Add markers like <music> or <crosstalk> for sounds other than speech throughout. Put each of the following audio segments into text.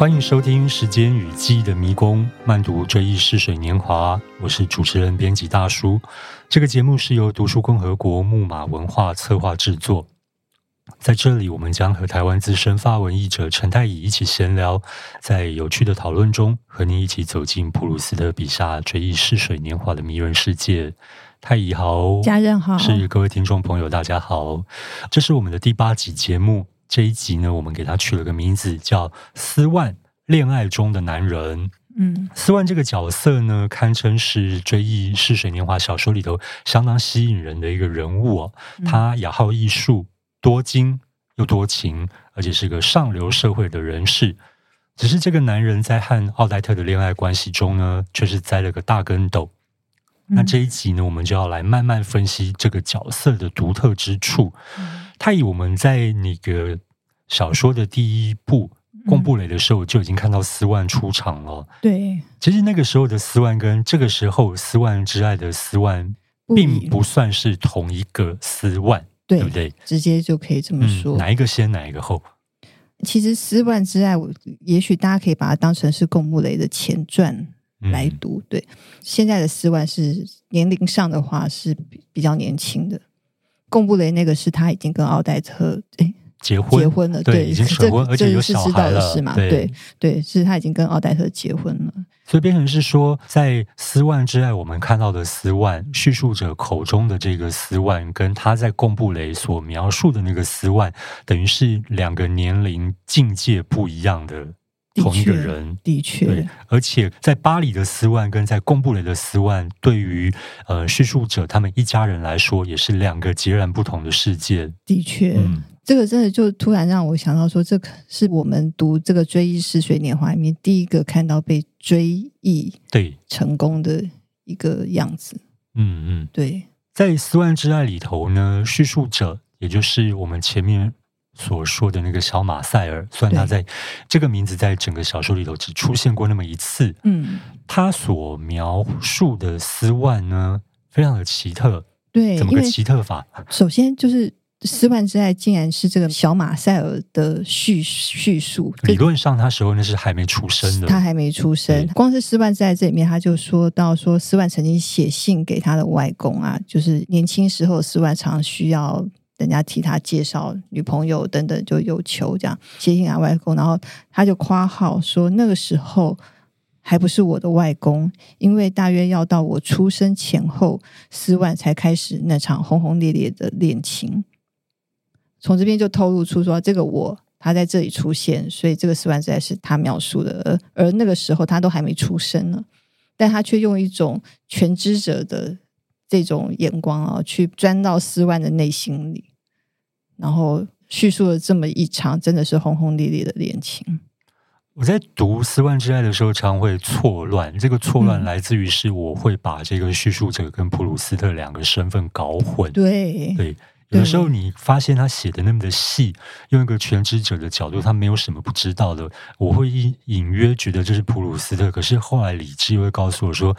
歡迎收聽《時間與記憶的迷宮》，漫讀《追憶逝水年華》，我是主持人、編輯大叔。這個節目是由讀書共和國、木馬文化策劃製作。在這裡，我們將和台灣資深法文譯者陳太乙一起閒聊，在有趣的討論中，和您一起走進普魯斯特筆下《追憶逝水年華》的迷人世界。太乙好，家人好，是各位聽眾朋友，大家好，這是我們的第八集節目。這一集呢，我們給他取了個名字叫“斯萬戀愛中的男人”。嗯，斯萬這個角色呢，堪稱是《追憶似水年華》小說裡頭相當吸引人的一個人物，哦。他雅好藝術，多金又多情，而且是個上流社會的人士。只是這個男人在和奧黛特的戀愛關係中呢，卻是栽了個大跟斗，嗯。那這一集呢，我們就要來慢慢分析這個角色的獨特之處。他以我們在那個小說的第一部《貢、嗯、布雷》的時候，就已經看到斯萬出場了。對，其實那個時候的斯萬跟這個時候《斯萬之愛》的斯萬，並不算是同一個斯萬，不對不對，對？直接就可以這麼說、嗯。哪一個先，哪一個後？其實《斯萬之愛》，我也許大家可以把它當成是貢布雷的前傳來讀、嗯。對，現在的斯萬是年齡上的話，是比較年輕的。貢布雷那個是他已經跟奧黛特哎、欸、結婚結婚了，對，這已經結婚，而且有小孩嘛，對對，對，是他已經跟奧黛特結婚了，所以變成是說在《斯萬之愛》，我們看到的斯萬敘述者口中的這個斯萬，跟他在貢布雷所描述的那個斯萬，等於是兩個年齡境界不一樣的，同一個人的確，對，而且在巴黎的斯萬跟在貢布雷的斯萬，對於呃敘述者他們一家人來說，也是兩個截然不同的世界。的確，嗯，這個真的就突然讓我想到說，這是我們讀這個《追憶似水年華》裡面第一個看到被追憶對成功的一個樣子。嗯嗯，對，在《斯萬之愛》裡頭呢，敘述者也就是我們前面。所說的那個小馬塞爾，雖然他在這個名字在整個小說裡頭只出現過那麼一次，嗯，他所描述的斯萬呢，非常的奇特，對，怎麼個奇特法？首先就是斯萬之愛，竟然是這個小馬塞爾的敘敘述。理論上，他時候那是還沒出生的，他還沒出生。光是斯萬之愛這裡面，他就說到說，斯萬曾經寫信給他的外公啊，就是年輕時候，斯萬常，常需要。人家替他介紹女朋友等等，就有求這樣接近他外公，然後他就誇號說，那個時候還不是我的外公，因為大約要到我出生前後，斯萬才開始那場轟轟烈烈的戀情。從這邊就透露出說，這個我他在這裡出現，所以這個斯萬實在是他描述的，而那個時候他都還沒出生呢，但他卻用一種全知者的這種眼光啊、哦，去鑽到斯萬的內心裡。然後敘述了這麼一場真的是轟轟烈烈的戀情。我在讀《斯萬之愛》的時候，常會錯亂。這個錯亂來自於是我會把這個敘述者跟普魯斯特兩個身份搞混。對、嗯、對。對有時候你發現他寫的那麼的細，用一個全知者的角度，他沒有什麼不知道的。我會隱隱約覺得這是普魯斯特，可是後來理智又會告訴我說，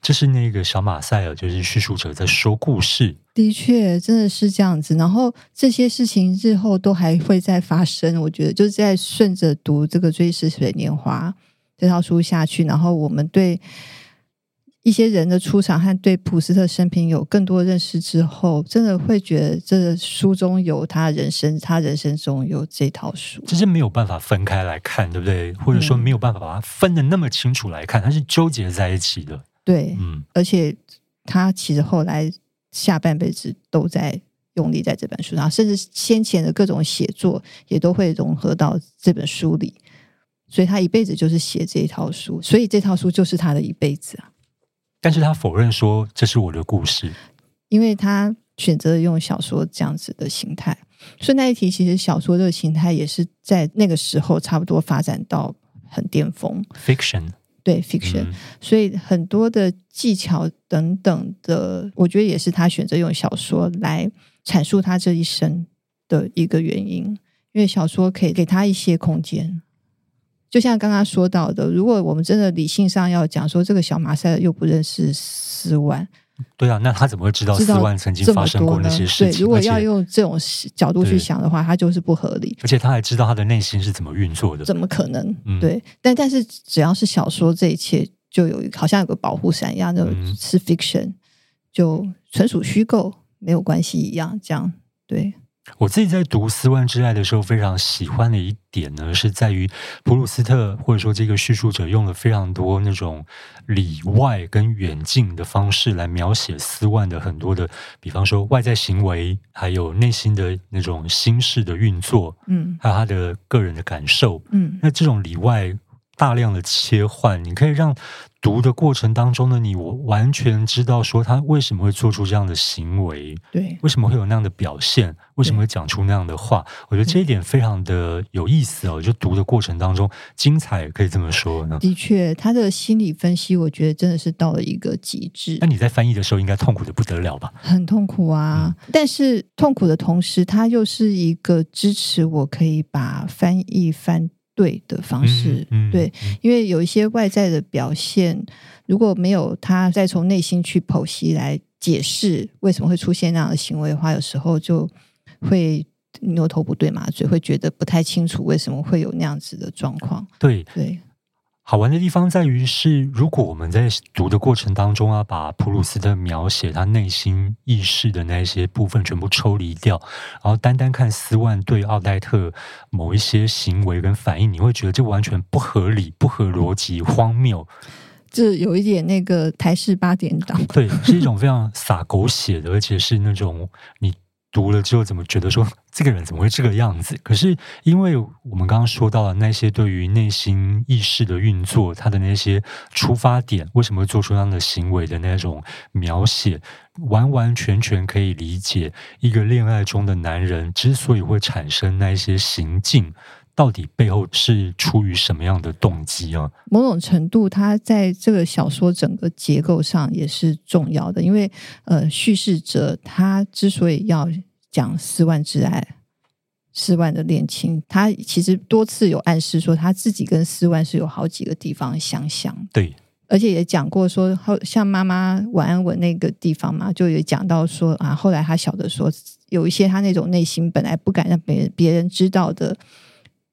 這是那個小馬賽爾，啊，就是敘述者在說故事。的確，真的是這樣子。然後這些事情日後都還會再發生。我覺得就是在順着讀這個《追憶似水年華》嗯這套書下去，然後我們對。一些人的出場和對普斯特生平有更多的認識之後，真的會覺得這個書中有他人生，他人生中有這套書，其實沒有辦法分開來看，對不對？或者說沒有辦法把它分得那麼清楚來看，它是糾結在一起的。對，嗯，而且他其實後來下半輩子都在用力在這本書上，甚至先前的各種寫作也都會融合到這本書裡，所以他一輩子就是寫這一套書，所以這套書就是他的一輩子啊。但是他否認說這是我的故事，因為他選擇用小說這樣子的形態。順帶一提，其實小說這個形態也是在那個時候差不多發展到很巔峰。fiction 對 fiction，嗯，所以很多的技巧等等的，我覺得也是他選擇用小說來闡述他這一生的一個原因，因為小說可以給他一些空間。就像剛剛說到的，如果我們真的理性上要講說，這個小馬賽又不認識斯萬，對啊，那他怎麼會知道斯萬曾經發生過那些事情？對，如果要用這種角度去想的話，他就是不合理。而且他還知道他的內心是怎麼運作的，怎麼可能？對，但但是只要是小說，這一切就有好像有個保護傘一樣，是 fiction，、嗯、就純屬虛構、嗯，沒有關係一樣。這樣，對。我自己在讀《斯萬之愛》的時候，非常喜歡的一點呢，是在於普魯斯特或者說這個敘述者用了非常多那種裡外跟遠近的方式來描寫斯萬的很多的，比方說外在行為，還有內心的那種心事的運作，嗯，還有他的個人的感受，嗯，那這種裡外大量的切換，你可以讓。讀的過程當中的你，我完全知道說他為什麼會做出這樣的行為，對，為什麼會有那樣的表現，為什麼會講出那樣的話？我覺得這一點非常的有意思哦。就讀的過程當中，精彩可以這麼說呢、嗯。的確，他的心理分析，我覺得真的是到了一個極致。那你在翻譯的時候，應該痛苦得不得了吧？很痛苦啊、嗯，但是痛苦的同時，他又是一個支持，我可以把翻譯翻。對的方式、嗯嗯，對，因為有一些外在的表現，如果沒有他再從內心去剖析來解釋為什麼會出現那樣的行為的話，有時候就會牛頭不對馬嘴，會覺得不太清楚為什麼會有那樣子的狀況。對，對。好玩的地方在於是，如果我們在讀的過程當中啊，把普魯斯特描寫他內心意識的那些部分全部抽離掉，然後單單看斯萬對奧黛特某一些行為跟反應，你會覺得這完全不合理、不合邏輯、荒謬，就有一點那個台式八點檔， <laughs> 對，是一種非常灑狗血的，而且是那種你。讀了之後怎麼覺得說這個人怎麼會這個樣子？可是因為我們剛剛說到了那些對於內心意識的運作，他的那些出發點，為什麼做出那樣的行為的那種描寫，完完全全可以理解一個戀愛中的男人之所以會產生那些行徑。到底背後是出於什麼樣的動機啊？某種程度，他在這個小說整個結構上也是重要的，因為呃，敘事者他之所以要講斯萬之愛，斯萬的戀情，他其實多次有暗示說他自己跟斯萬是有好幾個地方相像。對，而且也講過說，像媽媽晚安吻那個地方嘛，就也講到說啊，後來他曉得說，有一些他那種內心本來不敢讓別別人知道的。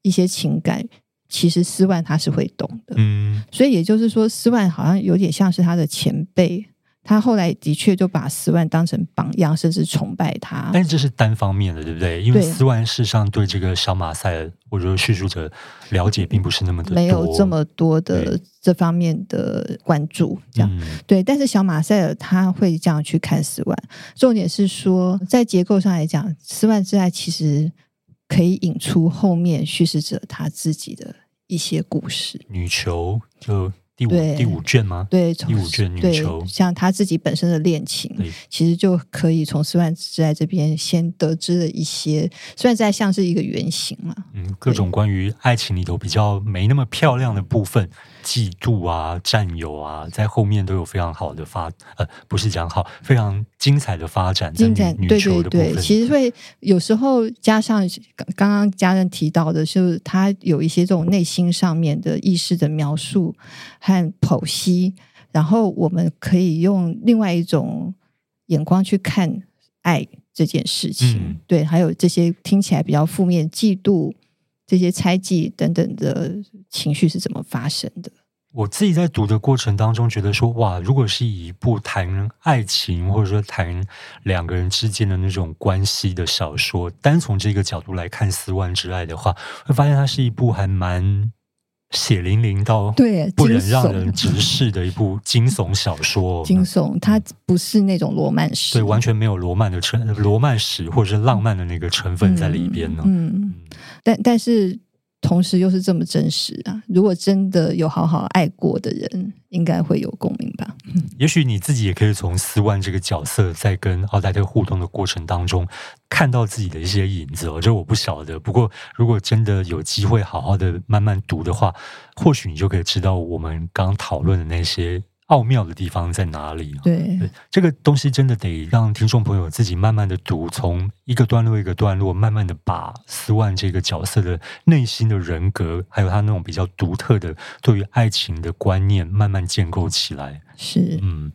一些情感，其實斯萬他是會懂的，嗯，所以也就是說，斯萬好像有點像是他的前輩，他後來的確就把斯萬當成榜樣，甚至崇拜他。但是這是單方面的，對不對？因為斯萬事實上對這個小馬賽爾，我覺得敘述者了解並不是那麼的，沒有這麼多的這方面的關注，這樣對。但是小馬賽爾他會這樣去看斯萬。重點是說，在結構上來講，斯萬之愛其實。可以引出後面敘事者他自己的一些故事。女囚就第五第五卷嗎？對，第五卷女囚，像他自己本身的戀情，其實就可以從斯萬在這邊先得知了一些，雖然在像是一個原型嘛，嗯，各種關於愛情裡頭比較沒那麼漂亮的部分。嫉妒啊，佔有啊，在後面都有非常好的發，呃，不是講好，非常精彩的發展。精彩，對，對對對。其實，會，有時候加上剛剛剛家人提到的，就是他有一些這種內心上面的意識的描述和剖析，然後我們可以用另外一種眼光去看愛這件事情。嗯、對，還有這些聽起來比較負面、嫉妒、這些猜忌等等的情緒是怎麼發生的？我自己在讀的過程當中，覺得說哇，如果是一部談愛情，或者說談兩個人之間的那種關係的小說，單從這個角度來看，《斯萬之愛》的話，會發現它是一部還蠻血淋淋到對不能讓人直視的一部驚悚小說哦。驚悚，它不是那種羅曼史，對，完全沒有羅曼的成羅曼史或者是浪漫的那個成分在裡邊呢。嗯，嗯，但但是。同時又是這麼真實啊！如果真的有好好愛過的人，應該會有共鳴吧？嗯，也許你自己也可以從斯萬這個角色在跟奧黛特互動的過程當中，看到自己的一些影子哦，這我不曉得。不過，如果真的有機會好好的慢慢讀的話，或許你就可以知道我們剛討論的那些奧妙的地方在哪裡？對，這個東西真的得讓聽眾朋友自己慢慢的讀，從一個段落一個段落慢慢的把斯萬這個角色的內心的人格，還有他那種比較獨特的對於愛情的觀念，慢慢建構起來。是，嗯。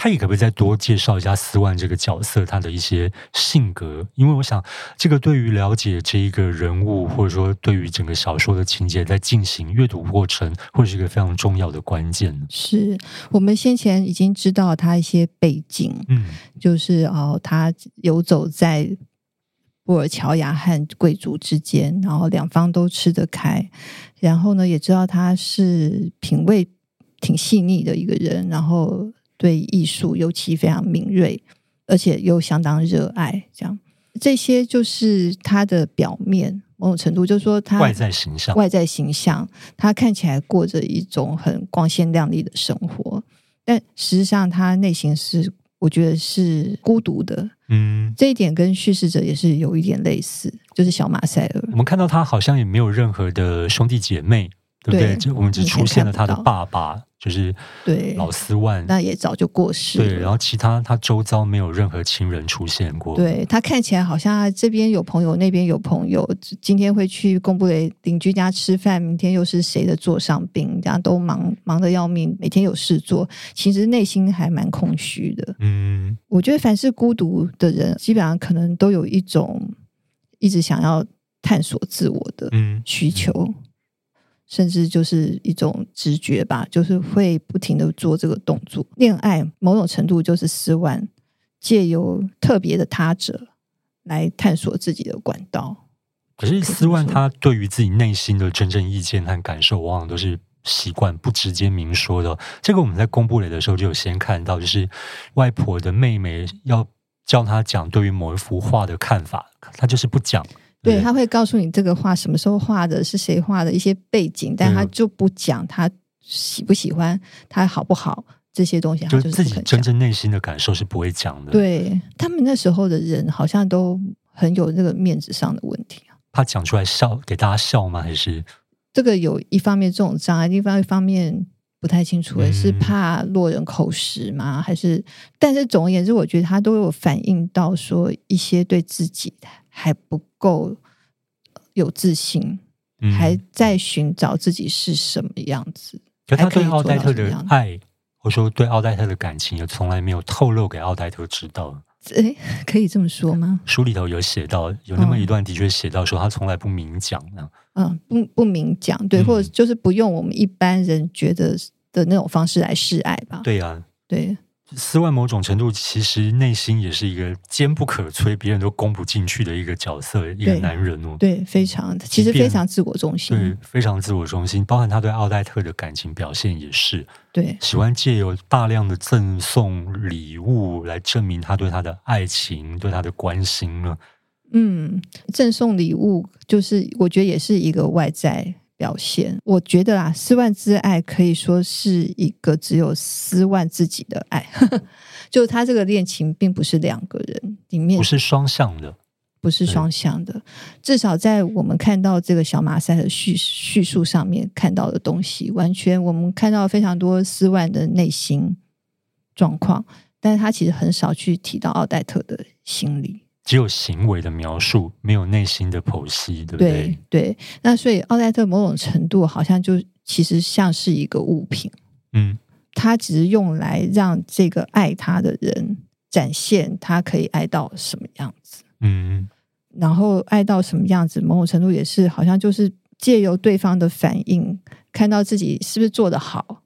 他也可不可以再多介紹一下斯萬這個角色他的一些性格？因為我想這個對於了解這一個人物，或者說對於整個小說的情節，在進行閱讀過程，會是一個非常重要的關鍵。是我們先前已經知道他一些背景，嗯，就是哦，他游走在布爾喬亞和貴族之間，然後兩方都吃得開，然後呢，也知道他是品味挺細膩的一個人，然後。對藝術尤其非常敏銳，而且又相當熱愛，這樣這些就是他的表面，某種程度，就是說他外在形象，外在形象，他看起來過着一種很光鮮亮麗的生活，但實際上他內心，是我覺得是孤獨的，嗯，這一點跟敘事者也是有一點類似，就是小馬塞爾，我們看到他好像也沒有任何的兄弟姐妹。對，對，對，就我們只出現了他的爸爸，就是老四對老斯萬，那也早就過世了。對，然後其他他周遭沒有任何親人出現過。對，他看起來好像這邊有朋友，那邊有朋友，今天會去公布的鄰居家吃飯，明天又是誰的座上賓，人家都忙忙得要命，每天有事做，其實內心還蠻空虛的。嗯，我覺得凡是孤獨的人，基本上可能都有一種一直想要探索自我的需求。嗯嗯甚至就是一種直覺吧，就是會不停地做這個動作。戀愛某種程度就是斯萬借由特別的他者來探索自己的管道。可是斯萬他對於自己內心的真正意見和感受，往往都是習慣不直接明說的。這個我們在貢布雷的時候就有先看到，就是外婆的妹妹要叫他講對於某一幅畫的看法，他就是不講。對，他會告訴你這個畫什麼時候畫的，是誰畫的，一些背景，但他就不講他喜不喜歡，他好不好，這些東西他就，就是自己真正內心的感受是不會講的。對，他們那時候的人，好像都很有這個面子上的問題啊，怕講出來笑給大家笑嗎？還是這個有一方面這種障礙，另外一方面不太清楚，嗯，是怕落人口實嗎？還是？但是總而言之，我覺得他都有反映到說一些對自己的還不。夠有自信，還在尋找自己是什麼樣子。嗯、可他對奧黛特的愛，我說對奧黛特的感情也從來沒有透露給奧黛特知道。哎、欸，可以這麼說嗎？書裡頭有寫到，有那麼一段的確寫到說，他從來不明講、啊、嗯，不不明講，對、嗯，或者就是不用我們一般人覺得的那種方式來示愛吧。對啊，對。斯萬某種程度其實內心也是一個堅不可摧、別人都攻不進去的一個角色，一個男人哦、喔，對，非常，其實非常自我中心，對，非常自我中心，包含他對奧黛特的感情表現也是，對，喜歡借由大量的贈送禮物來證明他對他的愛情、對他的關心了。嗯，贈送禮物就是我覺得也是一個外在。表現，我覺得啊，斯萬之愛可以說是一個只有斯萬自己的愛， <laughs> 就他這個戀情並不是兩個人裡面，不是雙向的，不是雙向的，嗯。至少在我們看到這個小馬賽的敘敘述上面看到的東西，完全我們看到非常多斯萬的內心狀況，但是他其實很少去提到奧黛特的心理。只有行為的描述，沒有內心的剖析，對不對？對，對。那所以奧黛特某種程度好像就其實像是一個物品，嗯，它只是用來讓這個愛他的人展現他可以愛到什麼樣子，嗯，然後愛到什麼樣子，某種程度也是好像就是借由對方的反應，看到自己是不是做得好。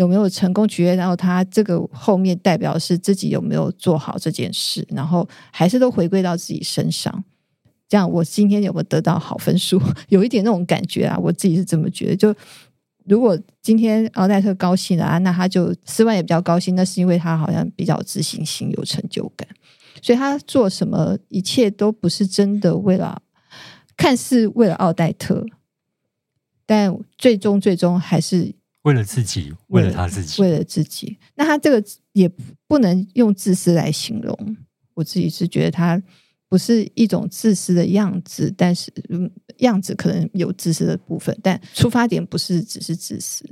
有沒有成功取悅，然後他這個後面代表是自己有沒有做好這件事？然後還是都回歸到自己身上。這樣，我今天有沒有得到好分數？ <laughs> 有一點那種感覺啊，我自己是這麼覺得。就如果今天奧黛特高興了啊，那他就斯萬也比較高興。那是因為他好像比較自信心有成就感，所以他做什麼一切都不是真的為了，看似為了奧黛特，但最終最終還是。為了自己，為了他自己為了，為了自己。那他這個也不能用自私來形容。我自己是覺得他不是一種自私的樣子，但是，嗯，樣子可能有自私的部分，但出發點不是只是自私。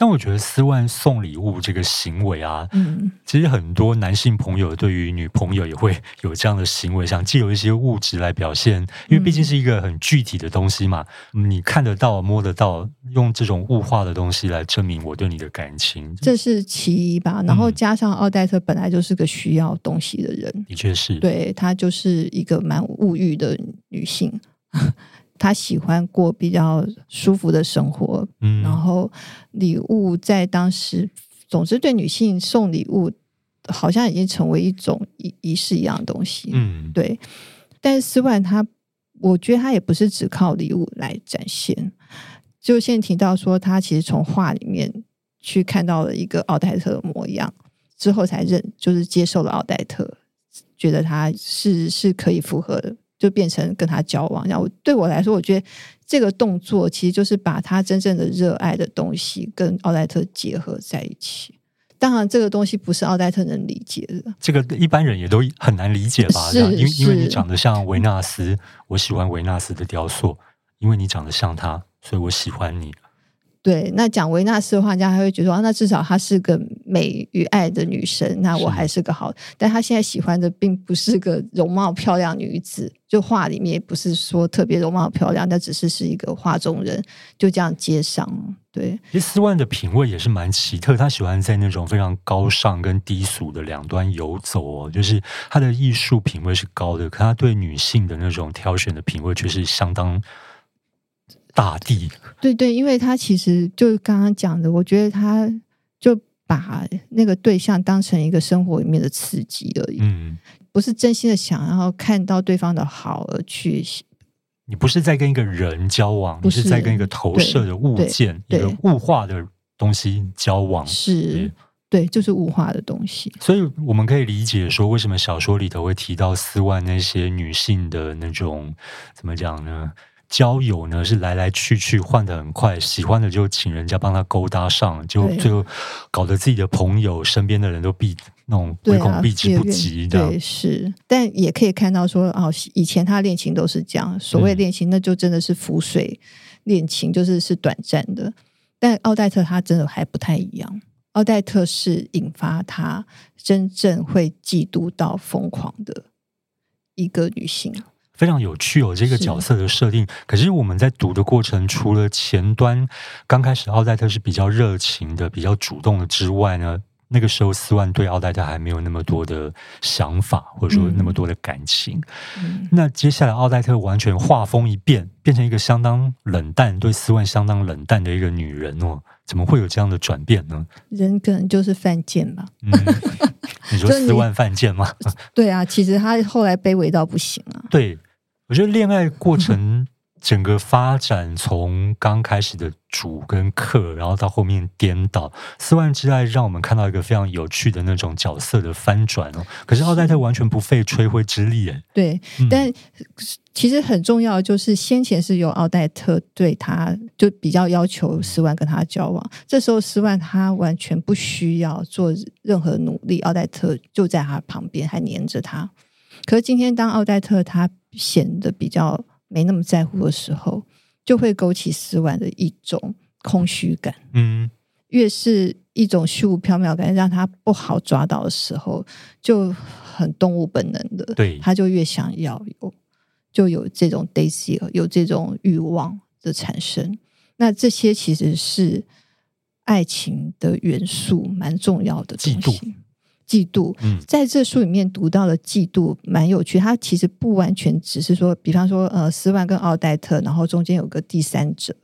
但我覺得斯萬送禮物這個行為啊，嗯，其實很多男性朋友對於女朋友也會有這樣的行為，想藉由一些物質來表現，因為畢竟是一個很具體的東西嘛，嗯，你看得到、摸得到，用這種物化的東西來證明我對你的感情，這是其一吧。然後加上奧黛特本來就是個需要東西的人，的確是對她就是一個蠻物欲的女性。 <laughs> 他喜歡過比較舒服的生活，嗯，然後禮物在當時，總是對女性送禮物，好像已經成為一種儀儀式一樣的東西。嗯，對。但是斯萬，他我覺得他也不是只靠禮物來展現。就現在提到說，他其實從畫裡面去看到了一個奧黛特的模樣，之後才認，就是接受了奧黛特，覺得他是是可以符合的。就變成跟他交往，然後對我來說，我覺得這個動作其實就是把他真正的熱愛的東西跟奧黛特結合在一起。當然，這個東西不是奧黛特能理解的，這個一般人也都很難理解吧？是這樣，因因為你長得像維納斯，我喜歡維納斯的雕塑，因為你長得像他，所以我喜歡你。對，那講維納斯的畫家還會覺得啊，那至少她是個美與愛的女神。那我還是個好，但她現在喜歡的並不是個容貌漂亮女子，就畫裡面不是說特別容貌漂亮，那只是是一個畫中人，就這樣接上。對，其實斯萬的品味也是蠻奇特，他喜歡在那種非常高尚跟低俗的兩端遊走哦。就是他的藝術品位是高的，可他對女性的那種挑選的品味卻是相當。大地對，對對，因為他其實就剛剛講的，我覺得他就把那個對象當成一個生活裡面的刺激而已，嗯，不是真心的想，然後看到對方的好而去。你不是在跟一個人交往，不是，你是在跟一個投射的物件，對對，一個物化的東西交往，是，對，就是物化的東西。所以我們可以理解說，為什麼小說裡頭會提到斯萬那些女性的那種，怎麼講呢？交友呢是來來去去換得很快，喜歡的就請人家幫他勾搭上，就就、啊、搞得自己的朋友身邊的人都避那種唯恐避之不及對、啊。對，是，但也可以看到說哦，以前他戀情都是這樣，所謂戀情那就真的是浮水、嗯、戀情，就是是短暫的。但奧黛特她真的還不太一樣，奧黛特是引發她真正會嫉妒到瘋狂的一個女性。非常有趣有、哦、這個角色的設定，可是我們在讀的過程，除了前端剛開始奧黛特是比較熱情的、比較主動的之外呢，那個時候斯萬對奧黛特還沒有那麼多的想法，或者說那麼多的感情。嗯、那接下來奧黛特完全畫風一變，變成一個相當冷淡，對斯萬相當冷淡的一個女人哦，怎麼會有這樣的轉變呢？人可能就是犯賤吧？ <laughs> 嗯、你說斯萬犯賤嗎？對啊，其實他後來卑微到不行啊。對。我覺得戀愛過程整個發展，從剛開始的主跟客，然後到後面顛倒，斯萬之愛讓我們看到一個非常有趣的那種角色的翻轉哦。可是奧黛特完全不費吹灰之力，誒，對、嗯。但其實很重要就是先前是由奧黛特對他就比較要求斯萬跟他交往，這時候斯萬他完全不需要做任何努力，奧黛特就在他旁邊還黏着他。可是今天，當奧黛特她顯得比較沒那麼在乎的時候，嗯、就會勾起斯萬的一種空虛感。嗯，越是一種虛無縹緲感讓他不好抓到的時候，就很動物本能的，對、嗯，他就越想要有，就有這種 daisy 有這種慾望的產生。那這些其實是愛情的元素，蠻重要的東西。嗯嫉妒，在這書裡面讀到的嫉妒蠻有趣。他其實不完全只是說，比方說，呃，斯萬跟奧黛特，然後中間有個第三者。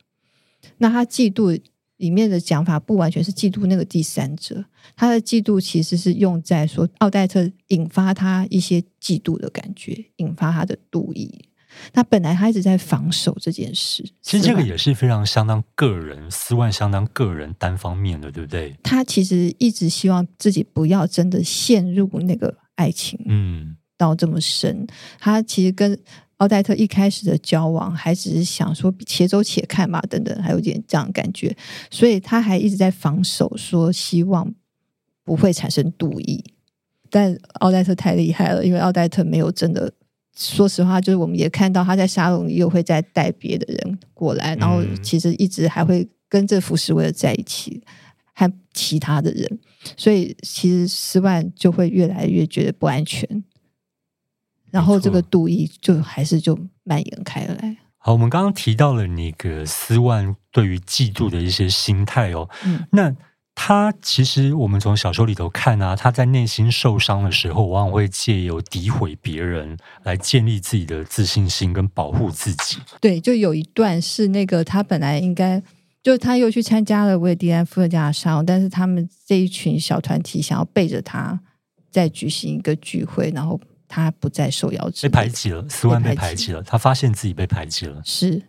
那他嫉妒裡面的講法，不完全是嫉妒那個第三者。他的嫉妒其實是用在說，奧黛特引發他一些嫉妒的感覺，引發他的妒意。他本來他一直在防守這件事，其實這個也是非常相當個人，斯萬相當個人單方面的，對不對？他其實一直希望自己不要真的陷入那個愛情，嗯，到這麼深。嗯、他其實跟奧黛特一開始的交往還只是想說“且走且看”嘛，等等，還有點這樣的感覺，所以他還一直在防守，說希望不會產生妒意。但奧黛特太厲害了，因為奧黛特沒有真的。說實話，就是我們也看到他在沙龍又會再帶別的人過來，然後其實一直還會跟這福什維爾在一起，嗯，和其他的人，所以其實斯萬就會越來越覺得不安全，然後這個妒意就還是就蔓延開來。好，我們剛剛提到了那個斯萬對於嫉妒的一些心態哦，嗯、那。他其實，我們從小說裡頭看啊，他在內心受傷的時候，往往會借由詆毀別人來建立自己的自信心，跟保護自己。對，就有一段是那個他本來應該，就他又去參加了維也蒂安夫人家的沙龍，但是他們這一群小團體想要背着他再舉行一個聚會，然後他不再受邀，被排擠了，斯萬被排擠了，排擠，他發現自己被排擠了，是，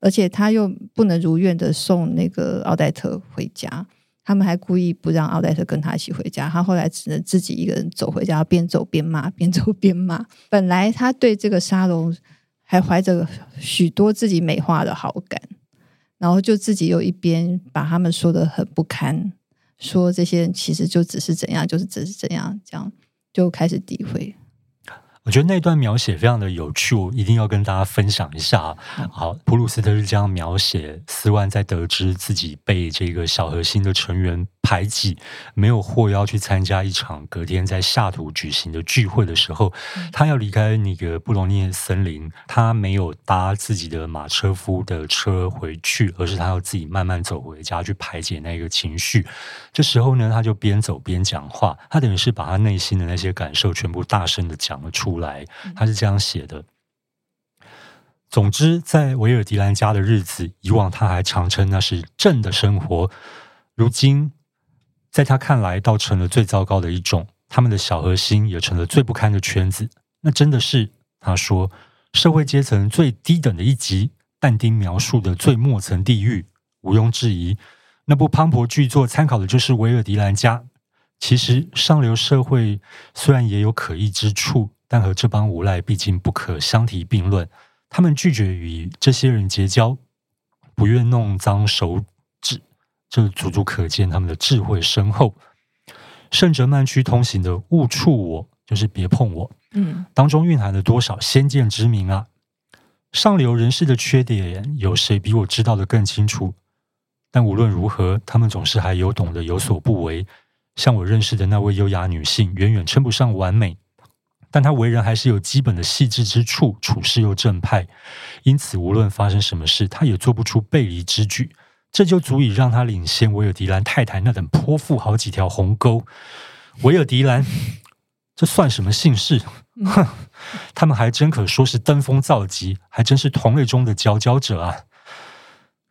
而且他又不能如願的送那個奧黛特回家。他們還故意不讓奧黛特跟他一起回家，他後來只能自己一個人走回家，邊走邊罵，邊走邊罵。本來他對這個沙龍還懷着許多自己美化的好感，然後就自己又一邊把他們說得很不堪，說這些人其實就只是怎樣，就是只是怎樣，這樣就開始詆毀。我覺得那段描寫非常的有趣，我一定要跟大家分享一下。好，普魯斯特是這樣描寫，斯萬在得知自己被這個小核心的成員，排擠，沒有獲邀去參加一場隔天在夏圖舉行的聚會的時候，他要離開那個布隆尼的森林。他沒有搭自己的馬車夫的車回去，而是他要自己慢慢走回家去排解那個情緒。這時候呢，他就邊走邊講話，他等於是把他內心的那些感受全部大聲地講了出來。他是這樣寫的：總之，在維爾迪蘭家的日子，以往他還常稱那是真的生活，如今。在他看來，倒成了最糟糕的一種；他們的小核心也成了最不堪的圈子。那真的是，他說，社會階層最低等的一級。但丁描述的最末層地獄，毋庸置疑。那部磅礴巨作參考的就是維爾迪蘭家。其實，上流社會雖然也有可疑之處，但和這幫無賴畢竟不可相提並論。他們拒絕與這些人結交，不願弄髒手。這足足可見他們的智慧深厚。聖哲曼區通行的“勿觸我”，就是別碰我。嗯，當中蘊含了多少先見之明啊！上流人士的缺點，有誰比我知道得更清楚？但無論如何，他們總是還有懂得有所不為。像我認識的那位優雅女性，遠遠稱不上完美，但她為人還是有基本的細緻之處，處事又正派。因此，無論發生什麼事，她也做不出背離之舉。這就足以讓他領先維爾迪蘭太太那等潑婦好幾條鴻溝。維爾迪蘭， <laughs> 這算什麼姓氏？哼！他們還真可說是登峰造極，還真是同類中的佼佼者啊！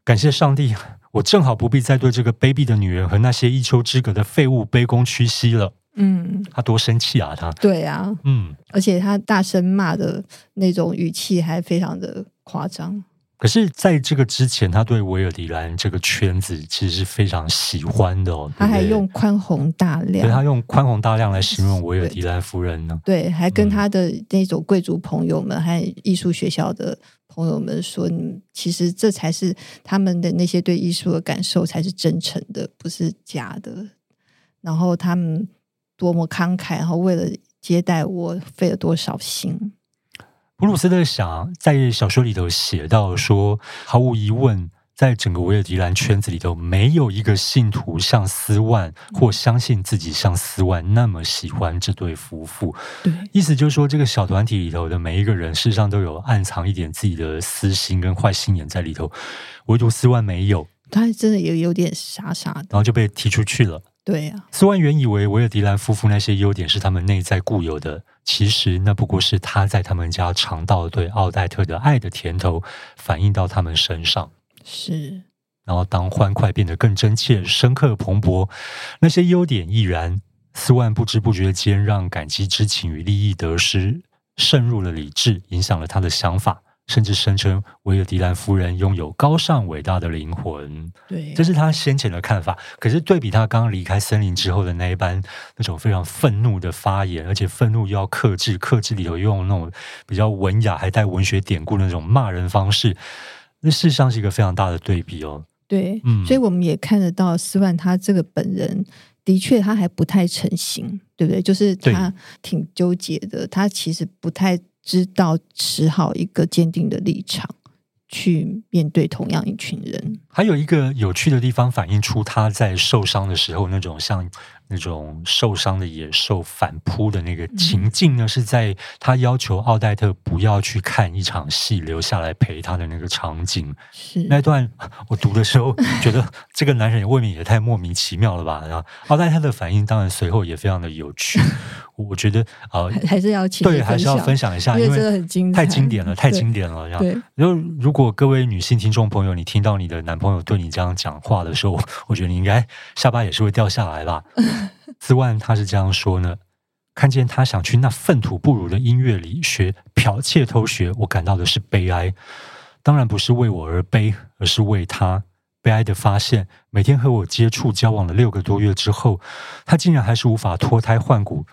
感謝上帝，我正好不必再對這個卑鄙的女人和那些一丘之貉的廢物卑躬屈膝了。嗯，他多生氣啊！他，對啊，嗯，而且他大聲罵的那種語氣還非常的誇張。可是，在這個之前，他對維爾迪蘭這個圈子其實是非常喜歡的哦。他還用寬宏大量，對，他用寬宏大量來形容維爾迪蘭夫人呢。對，對，對，還跟他的那種貴族朋友們，還有藝術學校的朋友們說、嗯，其實這才是他們的那些對藝術的感受，才是真誠的，不是假的。然後他們多麼慷慨，然後為了接待我，費了多少心。普魯斯特想，在小說裡頭寫到說，毫無疑問，在整個維爾迪蘭圈子裡頭，沒有一個信徒像斯萬或相信自己像斯萬那麼喜歡這對夫婦。對，意思就是說，這個小團體裡頭的每一個人，事實上都有暗藏一點自己的私心跟壞心眼在裡頭，唯獨斯萬沒有。他真的也有,有點傻傻的，然後就被踢出去了。對呀、啊，斯萬原以為維爾迪蘭夫婦那些優點是他們內在固有的。其實那不過是他在他們家嘗到對奧黛特的愛的甜頭，反映到他們身上。是，然後當歡快變得更真切、深刻、蓬勃，那些優點亦然。斯萬不知不覺間讓感激之情與利益得失滲入了理智，影響了他的想法。甚至聲稱維爾迪蘭夫人擁有高尚偉大的靈魂，對，這是他先前的看法。可是對比他剛剛離開森林之後的那一般那種非常憤怒的發言，而且憤怒又要克制，克制裡頭用那種比較文雅還帶文學典故的那種罵人方式，那事實上是一個非常大的對比哦。對，嗯，所以我們也看得到斯萬他這個本人的確他還不太成型，對不對？就是他挺糾結的，他其實不太。知道持好一個堅定的立場，去面對同樣一群人。還有一個有趣的地方，反映出他在受傷的時候那種像那種受傷的野獸反撲的那個情境呢，嗯、是在他要求奧黛特不要去看一場戲，留下來陪他的那個場景。是那段我讀的時候覺得這個男人也未免也太莫名其妙了吧？然後奧黛特的反應當然隨後也非常的有趣。 <laughs> 我覺得啊、呃，還是要對，還是要分享一下，因為這很因為太經典了，太經典了。然後如果各位女性聽眾朋友，你聽到你的男朋友對你這樣講話的時候，我覺得你應該下巴也是會掉下來吧。斯 <laughs> 萬他是這樣說呢：看見他想去那糞土不如的音樂裡學剽竊偷學，我感到的是悲哀。當然不是為我而悲，而是為他悲哀的發現，每天和我接觸交往了六個多月之後，他竟然還是無法脫胎換骨。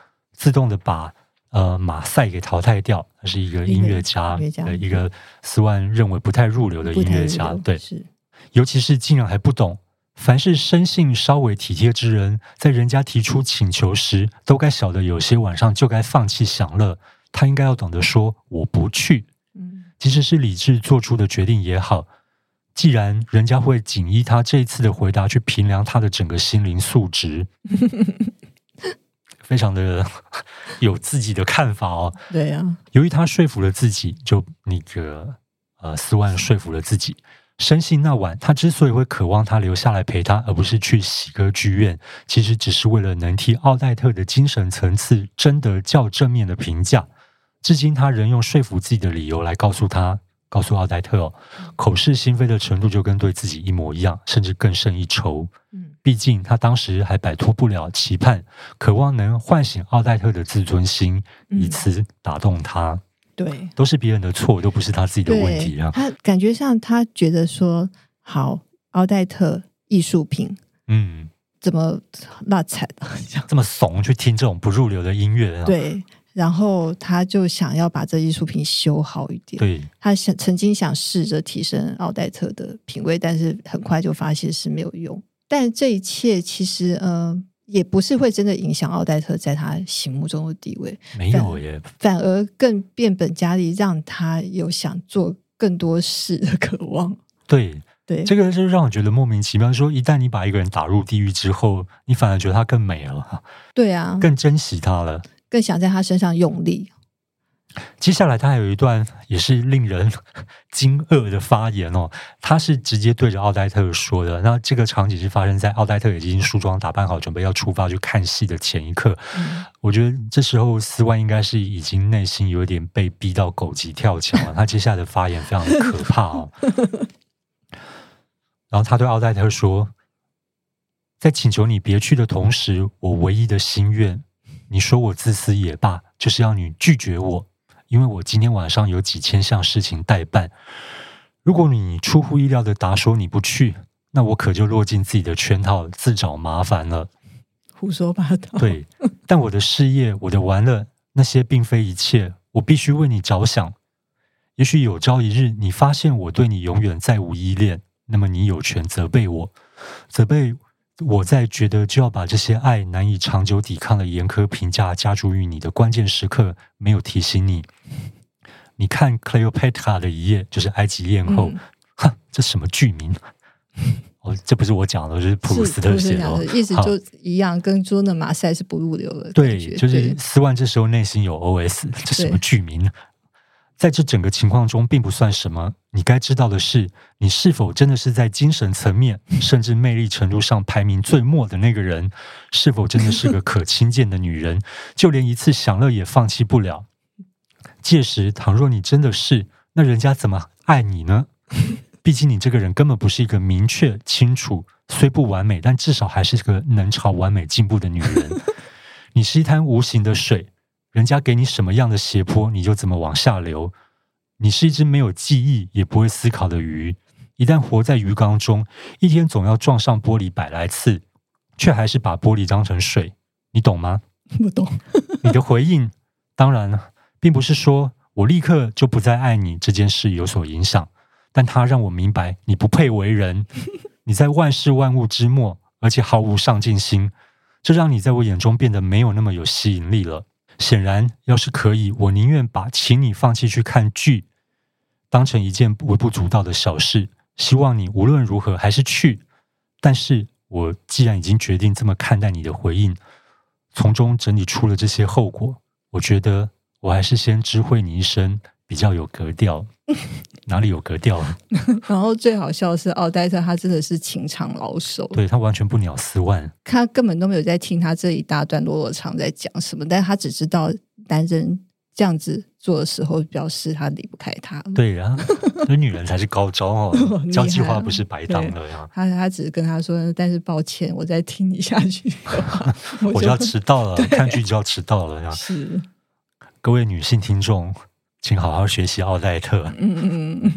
自動的把呃馬賽給淘汰掉，他是一個音樂家、音樂家、呃，一個斯萬認為不太入流的音樂家。對，尤其是竟然還不懂，凡是生性稍微體貼之人，在人家提出請求時，都該曉得有些晚上就該放棄享樂。他應該要懂得說我不去。嗯，即使是理智做出的決定也好，既然人家會僅依他這一次的回答，去評量他的整個心靈素質。 <laughs> 非常的有自己的看法哦。對呀，啊，由於他說服了自己，就那個呃，斯萬說服了自己，深信那晚他之所以會渴望他留下來陪他，而不是去喜歌劇院，其實只是為了能替奧黛特的精神層次爭得較正面的評價。至今，他仍用說服自己的理由來告訴他。告訴奧黛特哦，口是心非的程度就跟對自己一模一樣，甚至更勝一籌，嗯。畢竟他當時還擺脫不了期盼、渴望，能喚醒奧黛特的自尊心，嗯，以此打動他。對，都是別人的錯，都不是他自己的問題啊，他感覺像他覺得說，好，奧黛特，藝術品，嗯，怎麼那才 <laughs> 這麼慫去聽這種不入流的音樂啊，對。然後他就想要把這藝術品修好一點。對，他想曾經想試着提升奧黛特的品味，但是很快就發現是沒有用。但這一切其實嗯、呃，也不是會真的影響奧黛特在他心目中的地位。沒有耶，反，反而更變本加厲，讓他有想做更多事的渴望。對對，這個是讓我覺得莫名其妙。說一旦你把一個人打入地獄之後，你反而覺得他更美了。對啊，更珍惜他了。更想在他身上用力。嗯、接下來，他還有一段也是令人驚愕的發言哦，他是直接對着奧黛特說的。那這個場景是發生在奧黛特已經梳妝打扮好，準備要出發去看戲的前一刻，嗯。我覺得這時候斯萬應該是已經內心有點被逼到狗急跳牆了。 <laughs> 他接下來的發言非常的可怕哦。 <laughs> 然後他對奧黛特說：“在請求你別去的同時，我唯一的心願。”你說我自私也罷，就是要你拒絕我，因為我今天晚上有幾千項事情待辦。如果你出乎意料地答說你不去，那我可就落進自己的圈套，自找麻煩了。胡說八道。 <laughs> 對，但我的事業，我的玩樂那些並非一切。我必須為你着想。也許有朝一日，你發現我對你永遠再無依戀，那麼你有權責備我，責備。我在覺得就要把這些愛難以長久抵抗的嚴苛評價加諸於你的關鍵時刻，沒有提醒你。你看《Cleopatra》的一夜，就是埃及艷後，哼、嗯，這什麼劇名？哦，這不是我講的，這、就是普魯斯特寫的，就是、講的意思就一樣，跟朱娜馬賽是不入流的。對，就是斯萬這時候內心有 OS，這什麼劇名？在這整個情況中，並不算什麼。你該知道的是，你是否真的是在精神層面，甚至魅力程度上排名最末的那個人？是否真的是個可親近的女人？ <laughs> 就連一次享樂也放棄不了。屆時，倘若你真的是，那人家怎麼愛你呢？畢竟你這個人根本不是一個明確清楚，雖不完美，但至少還是個能朝完美進步的女人。 <laughs> 你是一灘無形的水。人家給你什麼樣的斜坡，你就怎麼往下流。你是一隻沒有記憶也不會思考的魚。一旦活在魚缸中，一天總要撞上玻璃百來次，卻還是把玻璃當成水。你懂嗎？不懂。 <laughs> 你的回應，當然，並不是說我立刻就不再愛你這件事有所影響，但它讓我明白你不配為人。你在萬事萬物之末，而且毫無上進心，這讓你在我眼中變得沒有那麼有吸引力了。顯然，要是可以，我寧願把請你放棄去看劇，當成一件微不足道的小事。希望你無論如何還是去。但是我既然已經決定這麼看待你的回應，從中整理出了這些後果，我覺得我還是先知會你一聲，比較有格調。 <laughs> 哪裡有格調？ <laughs> 然後最好笑的是，奧、哦、黛特她真的是情場老手， <laughs> 對她完全不鳥斯萬，她根本都沒有在聽他這一大段落落長在講什麼，但他她只知道男人這樣子做的時候，表示他離不開他。對啊，就是、女人才是高招哦， <laughs> 交際花不是白當的呀。 <laughs> 他他只是跟他說，但是抱歉，我再聽你下去， <laughs> 我，就 <laughs> 我就要遲到了，看劇就要遲到了呀。 <laughs> 是，各位女性聽眾。請好好學習奧黛特。嗯嗯嗯，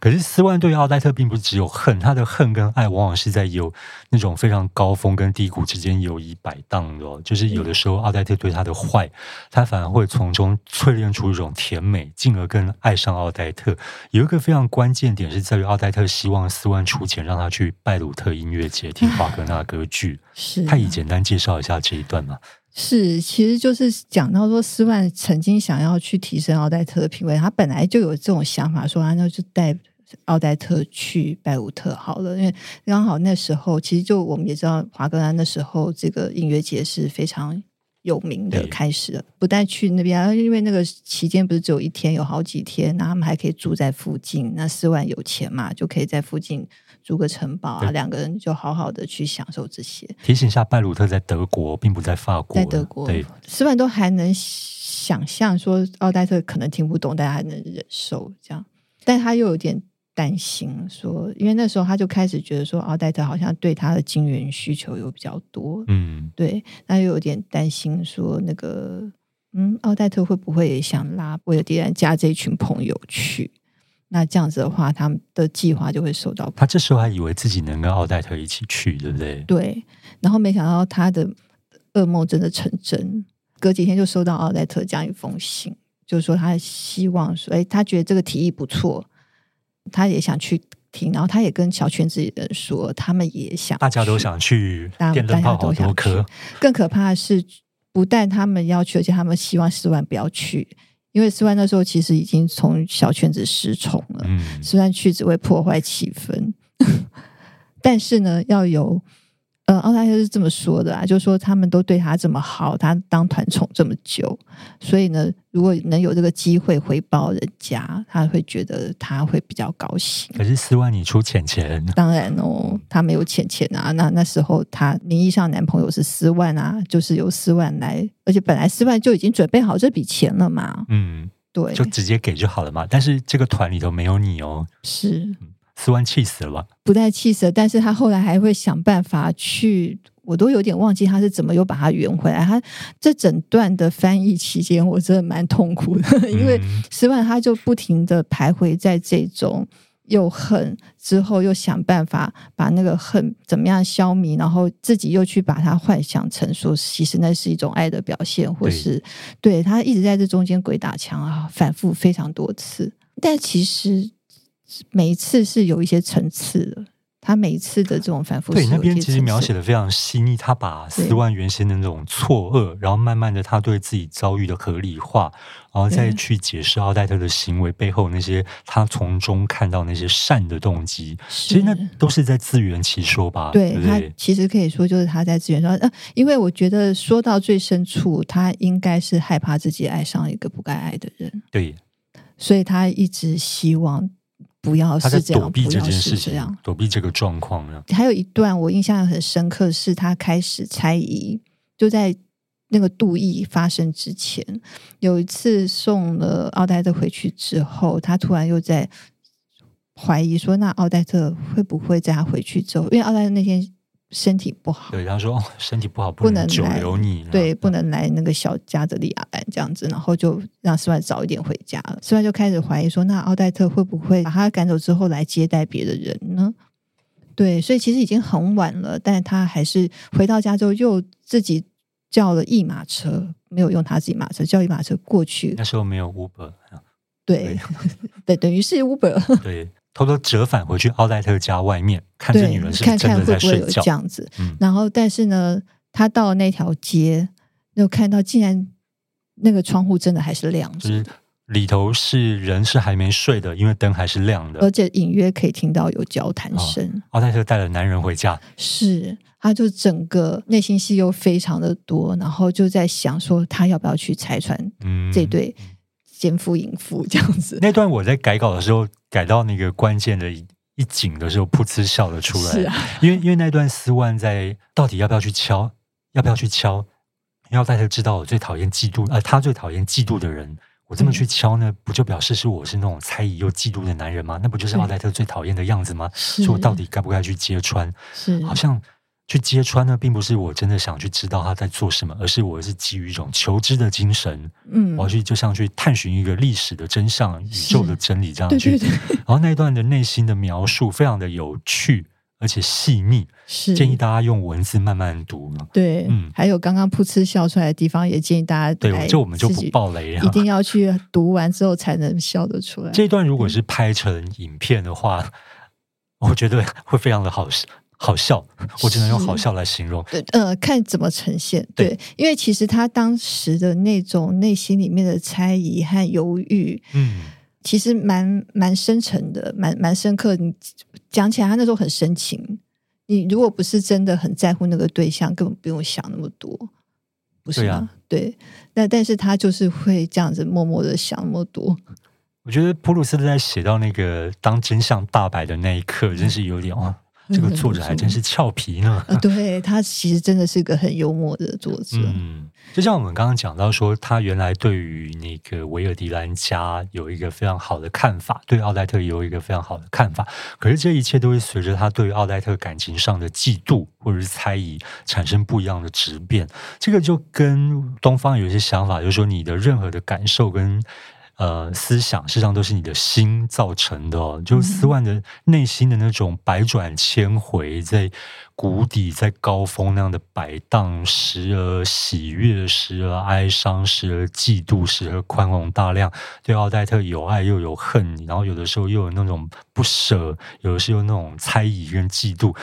可是斯萬對奧黛特，並不是只有恨，他的恨跟愛，往往是在有那種非常高峰跟低谷之間游移擺盪的、哦。就是有的時候，奧黛特對他的壞，他反而會從中淬煉出一種甜美，進而更愛上奧黛特。有一個非常關鍵點，是在於奧黛特希望斯萬出錢讓他去拜魯特音樂節聽瓦格納歌劇。他、嗯，可以簡單介紹一下這一段嘛？是，其實就是講到說，斯萬曾經想要去提升奧黛特的品味，他本來就有這種想法說，啊，那就帶奧黛特去拜烏特好了，因為剛好那時候其實就我們也知道，華格蘭那時候這個音樂節是非常有名的，開始不帶去那邊，因為那個期間不是只有一天，有好幾天，那他們還可以住在附近，那斯萬有錢嘛，就可以在附近。住個城堡啊，兩個人就好好的去享受這些。提醒一下，拜魯特在德國，並不在法國。在德國，對，斯萬都還能想象說，奧黛特可能聽不懂，但還能忍受這樣。但他又有點擔心，說，因為那時候他就開始覺得說，奧黛特好像對他的金元需求有比較多。嗯，對。那又有點擔心說，那個，嗯，奧黛特會不會也想拉維爾迪蘭家這一群朋友去？那這樣子的話，他們的計劃就會受到。他這時候還以為自己能跟奧黛特一起去，對不對？對。然後沒想到他的噩夢真的成真，隔幾天就收到奧黛特這樣一封信，就是說他希望說，說、欸、哎，他覺得這個提議不錯、嗯，他也想去聽，然後他也跟小圈子的人說，他們也想去，大家都想去，大家都想去，電燈泡好多顆。更可怕的是，不但他們要去，而且他們希望斯萬不要去。因為斯萬那時候其實已經從小圈子失寵了，斯萬去只會破壞氣氛、嗯，但是呢，要有。呃、嗯，奧黛特是這麼說的啊，就是說他們都對他這麼好，他當團寵這麼久，所以呢，如果能有這個機會回報人家，他會覺得他會比較高興。可是斯萬你出錢錢？當然哦，他沒有錢錢啊。那那時候他名義上男朋友是斯萬啊，就是由斯萬來，而且本來斯萬就已經準備好這筆錢了嘛。嗯，對，就直接給就好了嘛。但是這個團裡頭沒有你哦。是。斯萬氣死了，不帶氣死了，但是他後來還會想辦法去，我都有點忘記他是怎麼又把它圓回來。他這整段的翻譯期間，我真的蠻痛苦的，因為斯萬他就不停的徘徊在這種又恨之後，又想辦法把那個恨怎麼樣消弭，然後自己又去把它幻想成說，其實那是一種愛的表現，或是對他一直在這中間鬼打牆啊，反覆非常多次，但其實。每一次是有一些層次的，他每一次的這種反覆對那邊其實描寫的非常細膩。他把斯萬原先的那種錯愕，然後慢慢的他對自己遭遇的合理化，然後再去解釋奧黛特的行為背後那些他從中看到那些善的動機，其實那都是在自圓其說吧？對，對，對，他其實可以說就是他在自圓說，呃，因為我覺得說到最深處，他應該是害怕自己愛上一個不該愛的人，對，所以他一直希望。不要是這樣，他在躲避這件事情，這樣躲避這個狀況。還有一段我印象很深刻，是他開始猜疑，就在那個妒意發生之前，有一次送了奧黛特回去之後，他突然又在懷疑說，那奧黛特會不會在他回去之後？因為奧黛特那天。身體不好，對他說：“哦，身體不好，不能，來不能久留你。對，不能來那個小加德利亞這樣子，然後就讓斯萬早一點回家了。斯萬就開始懷疑說，那奧黛特會不會把他趕走之後來接待別的人呢？對，所以其實已經很晚了，但他還是回到家之後又自己叫了一馬車，沒有用他自己馬車叫一馬車過去。那時候沒有 Uber，對， <laughs> 對，等於是 Uber。對。偷偷折返回去奧黛特家外面，看這女人是真的在睡覺，看看會不會有這樣子。嗯、然後，但是呢，他到了那條街，又看到竟然那個窗戶真的還是亮着，就是、裡頭是人是還沒睡的，因為燈還是亮的，而且隱約可以聽到有交談聲。奧、哦、奧黛特帶了男人回家，是他就整個內心戲又非常的多，然後就在想說，他要不要去拆穿這對。嗯奸夫淫婦這樣子，那段我在改稿的時候，改到那個關鍵的一景的時候，噗呲，笑了出來。是啊，因為因為那段斯萬在到底要不要去敲，要不要去敲，奧黛特知道我最討厭嫉妒，呃、他最討厭嫉妒的人，嗯、我這麼去敲呢，不就表示是我是那種猜疑又嫉妒的男人嗎？那不就是奧黛特最討厭的樣子嗎？所以我到底該不該去揭穿？好像。去揭穿呢，並不是我真的想去知道他在做什麼，而是我是基於一種求知的精神，嗯，我要去就像去探尋一個歷史的真相、宇宙的真理這樣去。對對對，然後那一段的內心的描述非常的有趣，而且細膩， <laughs> 是建議大家用文字慢慢讀。對，嗯，還有剛剛噗嗤笑出來的地方，也建議大家，對，就我們就不爆雷，一定要去讀完之後才能笑得出來。這一段如果是拍成影片的話，嗯，我覺得會非常的好。是。好笑，我只能用好笑來形容。呃，看怎麼呈現。對。對，因為其實他當時的那種內心裡面的猜疑和猶豫，嗯，其實蠻蠻深沉的，蠻蠻深刻的。你講起來，他那時候很深情。你如果不是真的很在乎那個對象，根本不用想那麼多。不是啊？對。那但是他就是會這樣子默默的想那麼多。我覺得普魯斯特在寫到那個當真相大白的那一刻，真是有點哦。這個作者還真是俏皮呢！對，他其實真的是一個很幽默的作者。嗯，就像我們剛剛講到說，他原來對於那個維爾迪蘭家有一個非常好的看法，對奧黛特有一個非常好的看法。可是這一切都是隨着他對於奧黛特感情上的嫉妒或者是猜疑產生不一樣的質變。這個就跟東方有一些想法，就是說你的任何的感受跟。呃，思想事實上都是你的心造成的哦。就斯萬的內心的那種百轉千回，在谷底，在高峰那樣的擺盪，時而喜悅，時而哀傷，時而嫉妒，時而寬宏大量，對奧黛特有愛又有恨，然後有的時候又有那種不捨，有的時候那種猜疑跟嫉妒。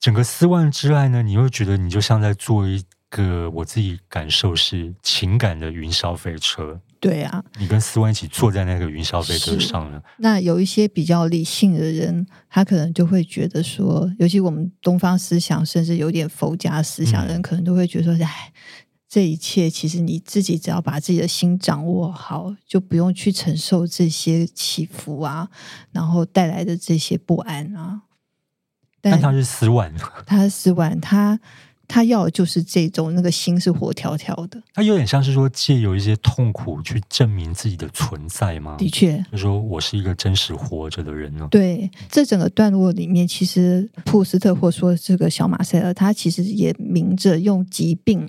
整個斯萬之愛呢，你又覺得你就像在做一個，我自己感受是情感的雲霄飛車。對啊，你跟斯萬一起坐在那個雲霄飛車上呢。那有一些比較理性的人，他可能就會覺得說，尤其我們東方思想，甚至有點佛家思想的人，嗯、可能都會覺得說，哎，這一切其實你自己只要把自己的心掌握好，就不用去承受這些起伏啊，然後帶來的這些不安啊。嗯、但，但他是斯萬，他是斯萬他。他要的就是這種，那個心是活跳跳的。他有點像是說，借由一些痛苦去證明自己的存在嗎？的確，就說我是一個真實活着的人呢。對，這整個段落裡面，其實普魯斯特或說這個小馬塞爾，他其實也明着用疾病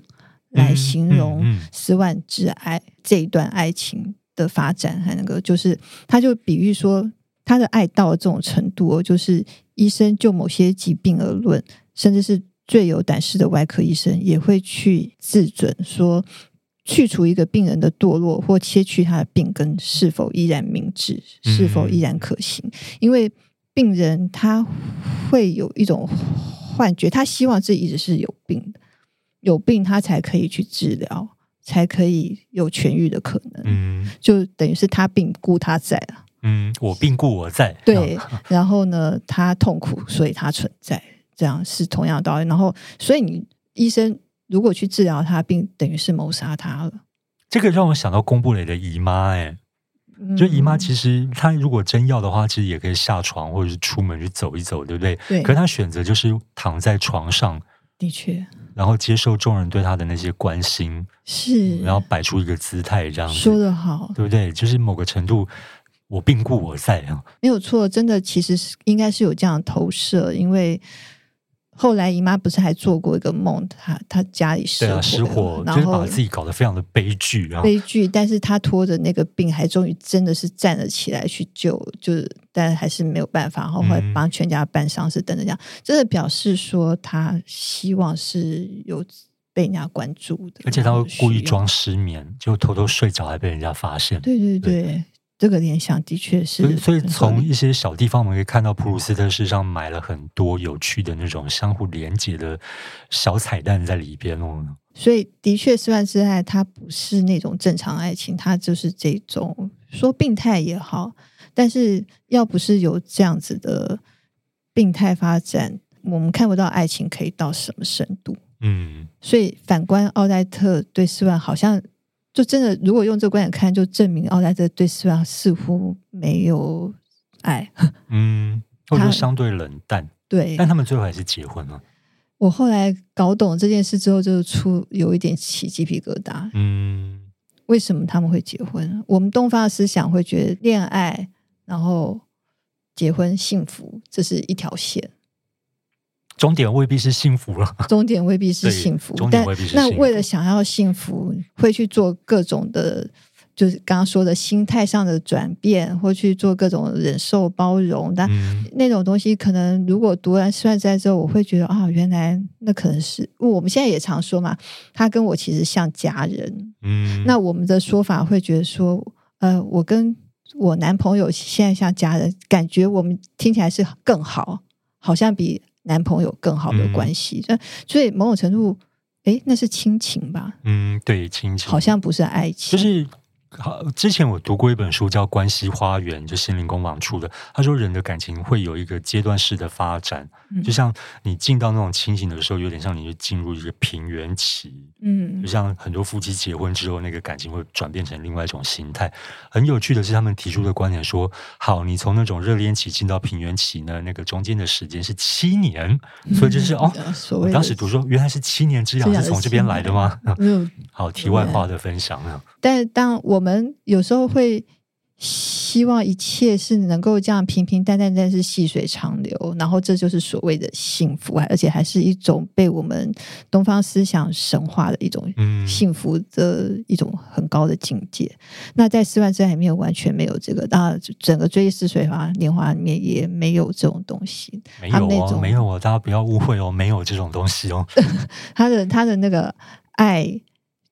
來形容、嗯嗯嗯、斯萬之愛這一段愛情的發展還、那個，還能夠就是，他就比喻說，他的愛到了這種程度，就是醫生就某些疾病而論，甚至是。最有膽識的外科醫生也會去自准說，去除一個病人的墮落或切去他的病根，是否依然明智、嗯？是否依然可行？因為病人他會有一種幻覺，他希望自己一直是有病，有病他才可以去治療，才可以有痊癒的可能。嗯，就等於是他病故他在啊。嗯，我病故我在。對， <laughs> 然後呢，他痛苦，所以他存在。這樣是同樣的道理，然後所以你醫生如果去治療他，並等於是謀殺他了。這個讓我想到宮布雷的姨媽哎、欸嗯，就姨媽其實她如果真要的話，其實也可以下床或者是出門去走一走，對不對？對，可是她選擇就是躺在床上，的確。然後接受眾人對她的那些關心，是。嗯、然後擺出一個姿態，這樣說得好，對不對？就是某個程度，我病故我在。啊，沒有錯，真的其實是應該是有這樣的投射，因為。後來姨媽不是還做過一個夢，她她家裡、啊、失火，然、就、後、是、把自己搞得非常的悲劇然後，悲劇。但是她拖着那個病，還終於真的是站了起來去救，就是，但是還是沒有辦法。然後後來幫全家辦喪事，等等這樣、嗯，真的表示說她希望是有被人家關注的，而且她會故意裝失眠、嗯，就偷偷睡着還被人家發現。對對對。對這個聯想的確是，所以從一些小地方我們可以看到，普魯斯特市上買了很多有趣的那種相互連接的小彩蛋在裡邊哦。所以的確，的確，斯萬之愛他不是那種正常愛情，他就是這種說病態也好，但是要不是有這樣子的病態發展，我們看不到愛情可以到什麼深度。嗯，所以反觀奧黛特對斯萬，好像。就真的，如果用這個觀點看，就證明奧黛特對斯萬似乎沒有愛，嗯，或者相對冷淡，對，但他們最後還是結婚了。我後來搞懂這件事之後，就是出有一點起雞皮疙瘩，嗯，為什麼他們會結婚？我們東方的思想會覺得戀愛，然後結婚幸福，這是一條線。終點未必是幸福了。終點未必是幸福。終點未必是幸福，但，但終點未必是幸福。那為了想要幸福，會去做各種的，就是剛剛說的心態上的轉變，或去做各種忍受、包容。但、嗯、那種東西，可能如果讀完《斯萬》之後，我會覺得啊，原來那可能是我們現在也常說嘛，他跟我其實像家人。嗯。那我們的說法會覺得說，呃，我跟我男朋友現在像家人，感覺我們聽起來是更好，好像比。男朋友更好的關係，嗯，所以某種程度，哎、欸，那是親情吧？嗯，對，親情好像不是愛情，就是好，之前我讀過一本書叫《關係花園》，就心靈工坊出的。他說，人的感情會有一個階段式的發展、嗯，就像你進到那種清醒的時候，有點像你就進入一個平原期。嗯，就像很多夫妻結婚之後，那個感情會轉變成另外一種形態。很有趣的是，他們提出的觀點說：好，你從那種熱戀期進到平原期呢，那個中間的時間是七年。嗯、所以就是哦，當時讀說，原來是七年之癢是從這邊來的嗎？沒有。 <laughs> 好，題外話的分享啊。但是當我。我們有時候會希望一切是能夠這樣平平淡淡，淡，但是細水長流，然後這就是所謂的幸福啊！而且還是一種被我們東方思想神化的一種幸福的一種很高的境界。嗯、那在斯萬裡面完全沒有這個啊，當然整個追思《追憶逝水年華》華裡面也沒有這種東西。沒有啊、哦，沒有哦，大家不要誤會哦，沒有這種東西哦。 <laughs> 他的他的那個愛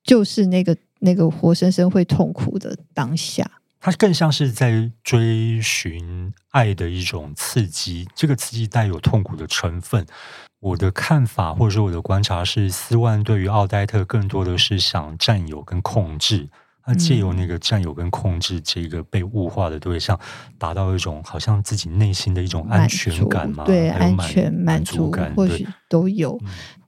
就是那個。那個活生生會痛苦的當下，他更像是在追尋愛的一種刺激，這個刺激帶有痛苦的成分。我的看法或者說我的觀察是，斯萬對於奧黛特更多的是想佔有跟控制。他、啊、借由那個佔有跟控制這個被物化的對象，達到一種好像自己內心的一種安全感嗎？對，安全滿、滿足、滿足感，或許都有，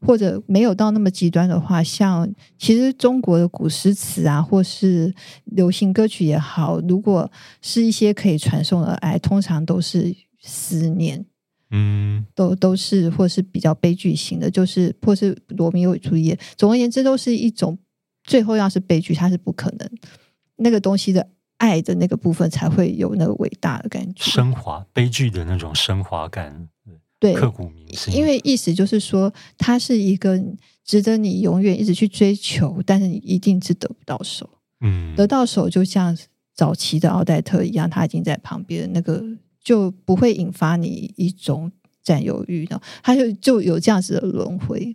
或者沒有到那麼極端的話，像其實中國的古詩詞啊，或是流行歌曲也好，如果是一些可以傳頌的愛，通常都是思念，嗯，都都是或是比較悲劇型的，就是或是羅密歐與朱麗葉，總而言之，都是一種。最後要是悲劇，它是不可能。那個東西的愛的那個部分，才會有那個偉大的感覺，升華悲劇的那種升華感，對，刻骨銘心。因為意思就是說，它是一個值得你永遠一直去追求，但是你一定是得不到手。嗯，得到手就像早期的奧黛特一樣，他已經在旁邊，那個就不會引發你一種占有欲的，然後，他就就有這樣子的輪迴。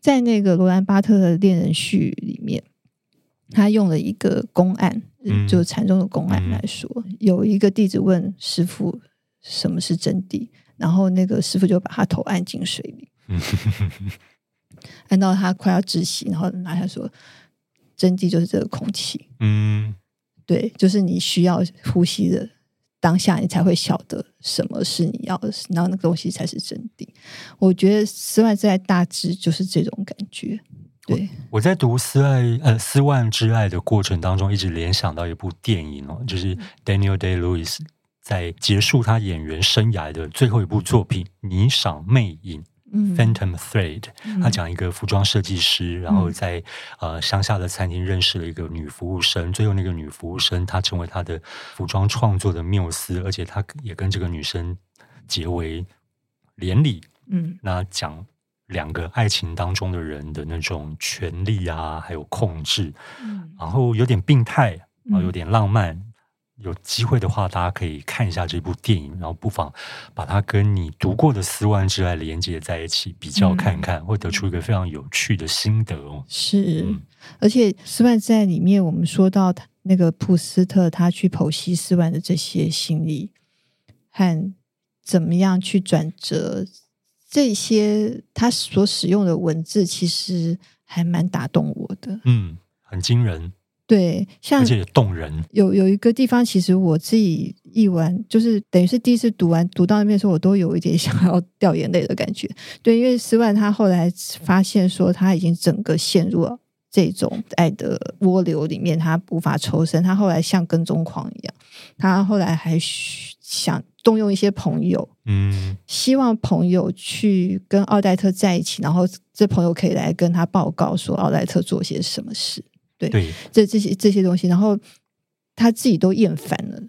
在那個羅蘭巴特的《戀人絮語》裡面，他用了一個公案，就禪宗的公案來說，嗯、有一個弟子問師傅什麼是真諦，然後那個師傅就把他頭按進水裡，嗯，按到他快要窒息，然後拿下說，真諦就是這個空氣，嗯、對，就是你需要呼吸的。當下你才會曉得什麼是你要的，是然後那個東西才是真諦。我覺得《斯萬之愛》大致就是這種感覺。對，我，我在讀《斯愛》呃《斯萬之愛》的過程當中，一直聯想到一部電影哦，就是 Daniel Day Lewis 在結束他演員生涯的最後一部作品嗯，《霓裳魅影》。Phantom Thread，嗯、他講一個服裝設計師，嗯、然後在呃鄉下的餐廳認識了一個女服務生，最後那個女服務生她成為他的服裝創作的繆斯，而且他也跟這個女生結為連理。嗯，那講兩個愛情當中的人的那種權力啊，還有控制，嗯、然後有點病態，然後有點浪漫。嗯有機會的話，大家可以看一下這部電影，然後不妨把它跟你讀過的《斯萬之愛》連接在一起比較看看，嗯，會得出一個非常有趣的心得哦。是，嗯、而且《斯萬之愛》裡面，我們說到那個普斯特，他去剖析斯萬的這些心理和怎麼樣去轉折，這些他所使用的文字其實還蠻打動我的。嗯，很驚人。對，像這也動人。有有一個地方，其實我自己一完，就是等於是第一次讀完，讀到那邊的時候，我都有一點想要掉眼淚的感覺。對，因為斯萬他後來發現說，他已經整個陷入了這種愛的渦流裡面，他無法抽身。他後來像跟蹤狂一樣，他後來還想動用一些朋友，嗯，希望朋友去跟奧黛特在一起，然後這朋友可以來跟他報告說奧黛特做些什麼事。對，對，這這些這些東西，然後他自己都厭煩了，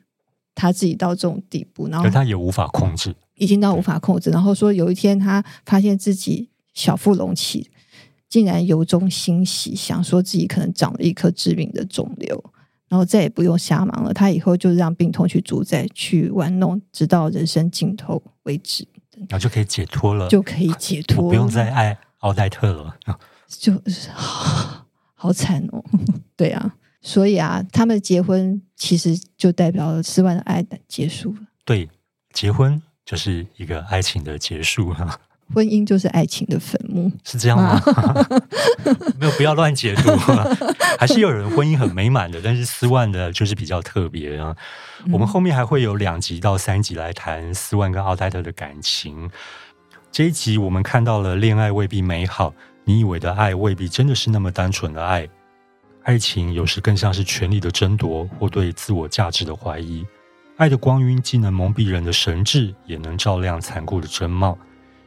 他自己到這種地步，然後他，他也無法控制，已經到無法控制。然後說有一天他發現自己小腹隆起，竟然由衷欣喜，想說自己可能長了一顆致命的腫瘤，然後再也不用瞎忙了。他以後就讓病痛去主宰，去玩弄，直到人生盡頭為止，然後就可以解脫了，就可以解脫了，不用再愛奧黛特了，就。 <laughs> <laughs> 好慘哦！對啊，所以啊，他們結婚其實就代表了斯萬的愛的結束了。對，結婚就是一個愛情的結束、啊、婚姻就是愛情的墳墓，是這樣嗎？啊、 <laughs> 沒有，不要亂解讀、啊。 <laughs> 還是有人婚姻很美滿的，但是斯萬的就是比較特別啊、嗯。我們後面還會有兩集到三集來談斯萬跟奧黛特的感情。這一集我們看到了戀愛未必美好。你以為的愛未必真的是那麼單純的愛，愛情有時更像是權力的爭奪或對自我價值的懷疑。愛的光暈既能蒙蔽人的神智，也能照亮殘酷的真貌。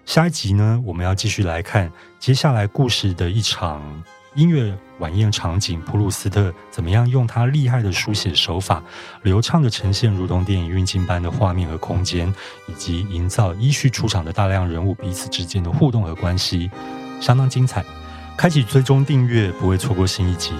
下一集呢，我們要繼續來看接下來故事的一場音樂晚宴場景。普魯斯特怎麼樣用他厲害的書寫手法，流暢地呈現如同電影運鏡般的畫面和空間，以及營造依序出場的大量人物彼此之間的互動和關係。相當精彩，開啟追蹤訂閱，不會錯過新一集。